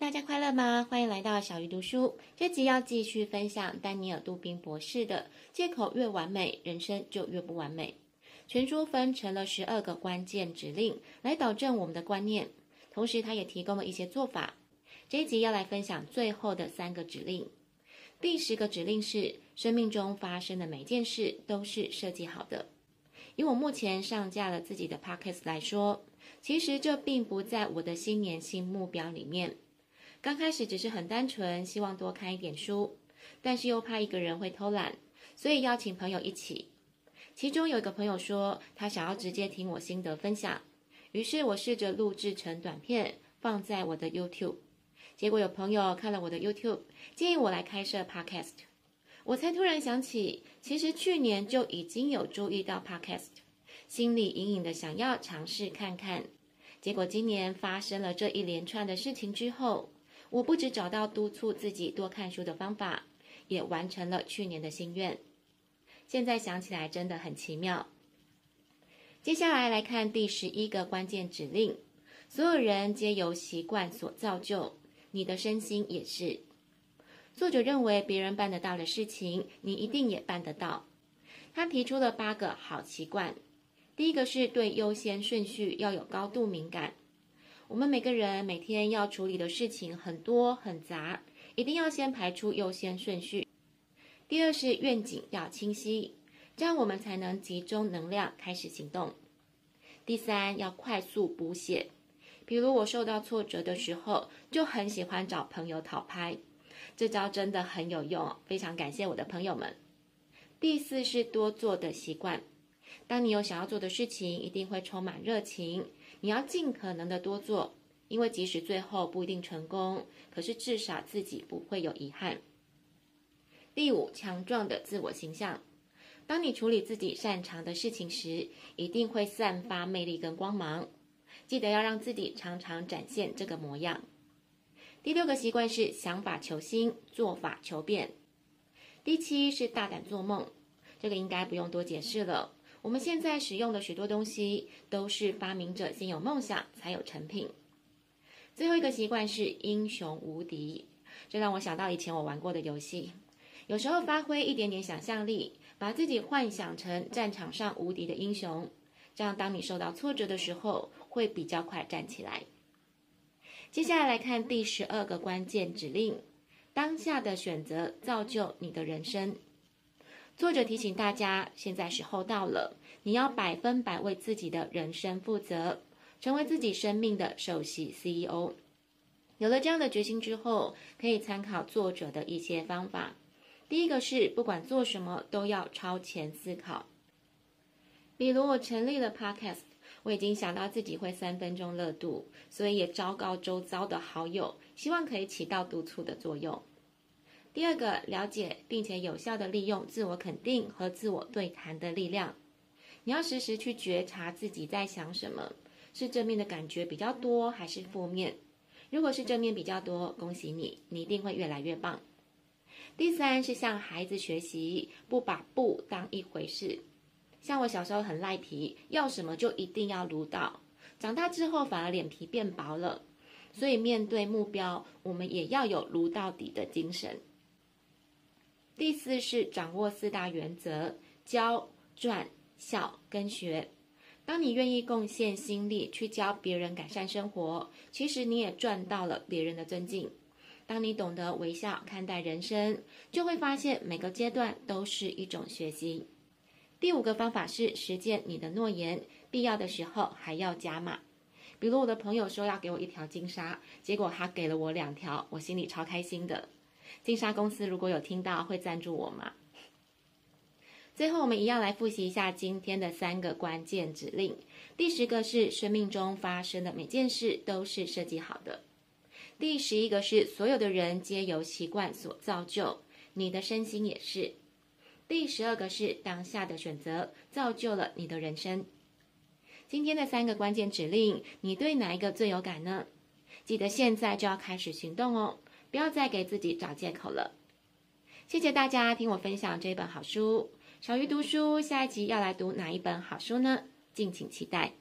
大家快樂嗎？歡迎來到小魚讀書。這集要繼續分享丹尼爾·杜賓博士的《借口越完美，人生就越不完美》。全書分成了十二個關鍵指令來導正我們的觀念，同時他也提供了一些做法。這一集要來分享最後的三個指令。第十個指令是：生命中發生的每件事都是設計好的。以我目前上架了自己的 Podcast 來說，其實這並不在我的新年新目標裡面。剛開始只是很單純，希望多看一點書，但是又怕一個人會偷懶，所以邀請朋友一起。其中有一個朋友說，他想要直接聽我心得分享，於是我試着錄製成短片，放在我的 YouTube。結果有朋友看了我的 YouTube，建議我來開設 Podcast。我才突然想起，其實去年就已經有注意到 Podcast，心裡隱隱的想要嘗試看看。結果今年發生了這一連串的事情之後。我不止找到督促自己多看書的方法，也完成了去年的心願。現在想起來真的很奇妙。接下來來看第十一個關鍵指令：所有人皆由習慣所造就，你的身心也是。作者認為別人辦得到的事情，你一定也辦得到。他提出了八個好習慣，第一個是對優先順序要有高度敏感。我們每個人每天要處理的事情很多很雜，一定要先排出優先順序。第二是願景要清晰，這樣我們才能集中能量開始行動。第三要快速補血，比如我受到挫折的時候，就很喜歡找朋友討拍，這招真的很有用，非常感謝我的朋友們。第四是多做的習慣，當你有想要做的事情，一定會充滿熱情。你要盡可能的多做，因為即使最後不一定成功，可是至少自己不會有遺憾。第五，強壯的自我形象。當你處理自己擅長的事情時，一定會散發魅力跟光芒。記得要讓自己常常展現這個模樣。第六個習慣是想法求新，做法求變。第七是大膽做夢，這個應該不用多解釋了。我們現在使用的許多東西都是發明者先有夢想才有成品。最後一個習慣是英雄無敵，這讓我想到以前我玩過的遊戲。有時候發揮一點點想象力，把自己幻想成戰場上無敵的英雄，這樣當你受到挫折的時候，會比較快站起來。接下來來看第十二個關鍵指令：當下的選擇造就你的人生。作者提醒大家，現在時候到了，你要百分百為自己的人生負責，成為自己生命的首席 CEO。有了這樣的決心之後，可以參考作者的一些方法。第一個是，不管做什麼都要超前思考。比如我成立了 Podcast，我已經想到自己會三分鐘熱度，所以也昭告周遭的好友，希望可以起到督促的作用。第二個，了解並且有效的利用自我肯定和自我對談的力量，你要時時去覺察自己在想什麼，是正面的感覺比較多，還是負面？如果是正面比較多，恭喜你，你一定會越來越棒。第三是向孩子學習，不把“不”當一回事。像我小時候很賴皮，要什麼就一定要盧到，長大之後反而臉皮變薄了。所以面對目標，我們也要有盧到底的精神。第四是掌握四大原則：教、賺、笑、跟學。當你願意貢獻心力去教別人改善生活，其實你也賺到了別人的尊敬。當你懂得微笑看待人生，就會發現每個階段都是一種學習。第五個方法是實踐你的諾言，必要的時候還要加碼。比如我的朋友說要給我一條金沙，結果他給了我兩條，我心裡超開心的。金沙公司如果有聽到，會贊助我嗎？最後，我們一樣來複習一下今天的三個關鍵指令。第十個是：生命中發生的每件事都是設計好的。第十一個是：所有的人皆由習慣所造就，你的身心也是。第十二個是：當下的選擇造就了你的人生。今天的三個關鍵指令，你對哪一個最有感呢？記得現在就要開始行動哦！不要再給自己找借口了。謝謝大家聽我分享這一本好書。小魚讀書下一集要來讀哪一本好書呢？敬請期待。